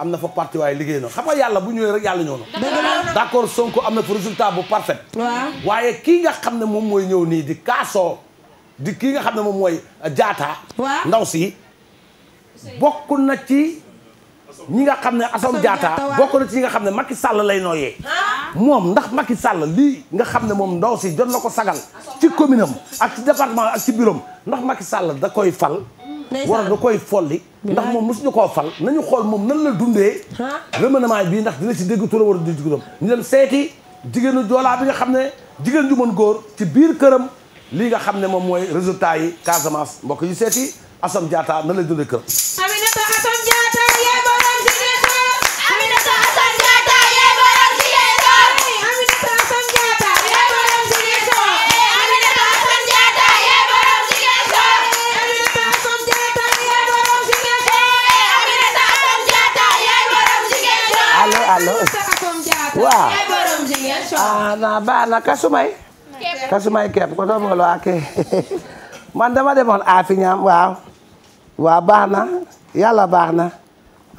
am na fa parti waaye liggéey na xam yàlla bu ñëwee rek yàlla ñëw na d'accord Sonko am na fa résultat bu parfait waaye kii nga xam ne moom mooy ñëw nii di kaasoo di kii nga xam ne moom mooy jaataa euh, ndaw si bokk na ci ñi nga xam ne Assome Diatta bokk na ci ñi nga xam ne Macky Sall lay nooyee ah. moom ndax Macky sàll lii nga xam ne moom ndaw si jot na ko sagal ci commune am ak ci département ak ci bureau ndax Macky Sall da koy fal waral da koy folli ndax moom mosuñu koo fal nañu xool moom nan la dundee remaniement bi ndax dina ci dégg turam war a di turam ñu dem seeti jigéenu joolaa bi nga xam ne jigéen ju mën góor ci biir këram lii nga xam ne moom mooy résultat yi Casamance mbokk yi seeti Assome Diatta nan lay dundee këram waaw ah baax na kasumay kasumay kepp ko doon molo ake man dama demoon aafi ñaam waaw baax na yàlla baax na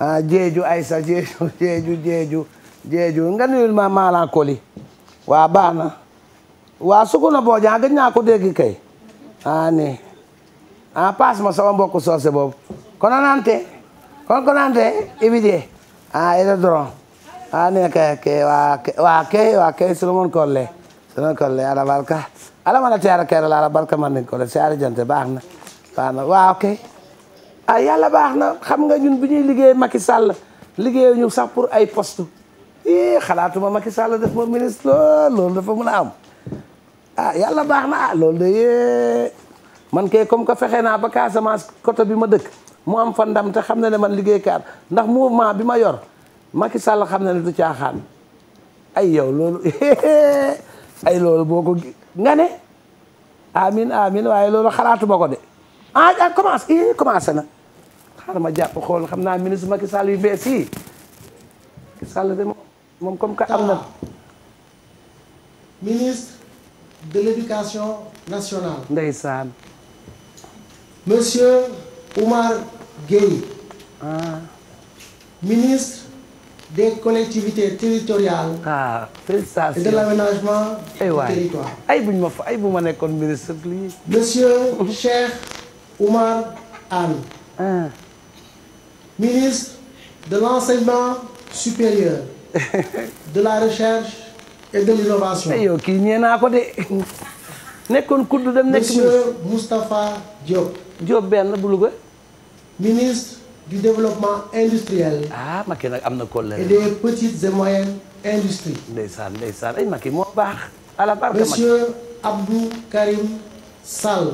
ah jeeju aysa jeeju jeeju jeeju jeeju nga nuyul ma maala koli waaw baax na waaw sukuna booja gëj naa ko dégg kay a ah, ni a ah, paas ma sama mbokk soose boobu kononante kon kononante ibidie a ede doron ani ke ke wa ke wa ke wa ke Solomon Kolle Solomon Kolle ala barka ala mana tiara kera la ala barka man ni Kolle siyaare jante baax na baax na waaw kay yàlla baax na xam nga ñun bu ñuy liggéey Macky Sall liggéey ñu sax pour ay poste i xalaatuma Macky Sall def ma ministre lool loolu dafa mën a am ah yàlla baax na ah loolu de yee man kay comme que fexe naa ba Casamance côté bi ma dëkk mu am fa ndam te xam na ne man liggéey liggéeykat ndax mouvement bi ma yor Macky Sall xam na ne du caaxaan ay yow loolu ay loolu boo ko nga ne amin amin waaye loolu xalaatuma ko de ah ah commencé i commencé na xaar ma jàpp xool xam naa ministre Macky Sall yu bees yi Macky Sall de moom comme que am na ah. ministre de l'éducation nationale ndeysaan monsieur Oumar Gueye ah. ministre des collectivités territoriales. ah président et de l'aménagement du eh ay bu ma fa ay bu ma nekkoon ministre lii. monsieur Cheikh Oumar Anne. Ah. ministre de l'enseignement supérieur. de la recherche et de l'innovation. yow kii ñee naa ko de nekkoon kudd dem nekk. monsieur Moustapha Diop. Diop benn bu Louga. ministre. du développement industriel. ah Macky am na kóllare. et des petites et moyennes industries. ndeysaan ndeysaan ay Macky moo baax. à la barke monsieur Abdou Karim Sall.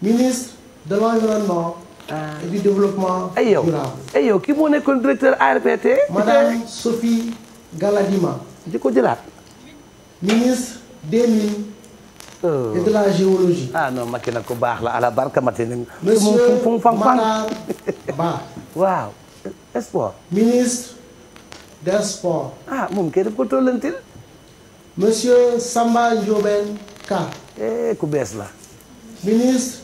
ministre de l' ah. et du développement durable. ay yow ay yow ki moo nekkoon directeur ARPT. madame Sophie Galadima. di ko laat ministre des Mines. et de la géologie. ah non Macky nag ku baax la ala barka Macky. monsieur Matar Ba. waaw sport. ministre des sports. ah moom kay daf ko monsieur Samba Ndiobène Ka. eh ku bees la. ministre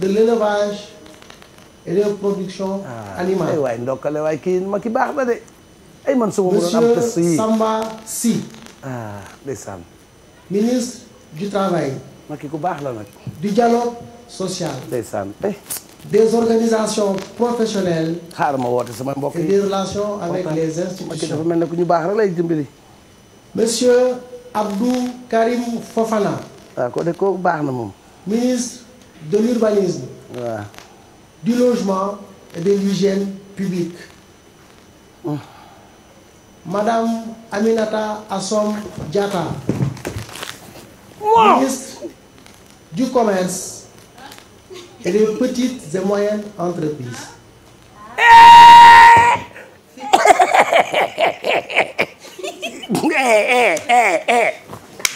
de l'élevage et de production ah, animale. ah eh, waay ndokkale eh, waay kii Macky baax na de. Eh, monsieur Samba Si. ah ndeysaan. ministre. du travail. Macky ku baax la nag. du dialogue social. ndeysaan eh. des organisations professionnelles. xaar ma woote sama mbokk yi et des relations avec les institutions. dafa mel ne ku ñu baax rek lay dimbali. monsieur Abdou Karim Fofana. waaw ah, ko de kooku baax na moom. ministre de l'urbanisme. waaw. Ah. du logement et de l'hygiène publique. Ah. madame Aminata Assom Diatta. ministre du commerce et des petites et moyennes entreprises. Eh!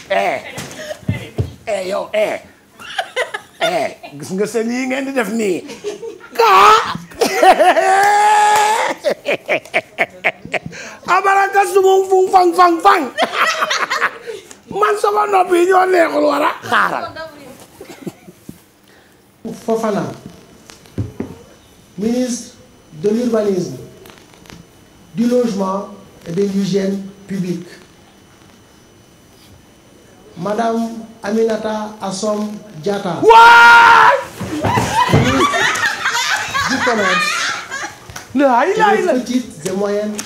Eh, yow eh! gis nga seen yi ngeen di def nii abaraka sumum fung fang fang fang man sama nopp yi ñoo neexul war xaaral Fofana ministre de l'urbanisme du logement et de l'hygiène publique madame Aminata Assom Diatta ministre du commerce des petites et moyennes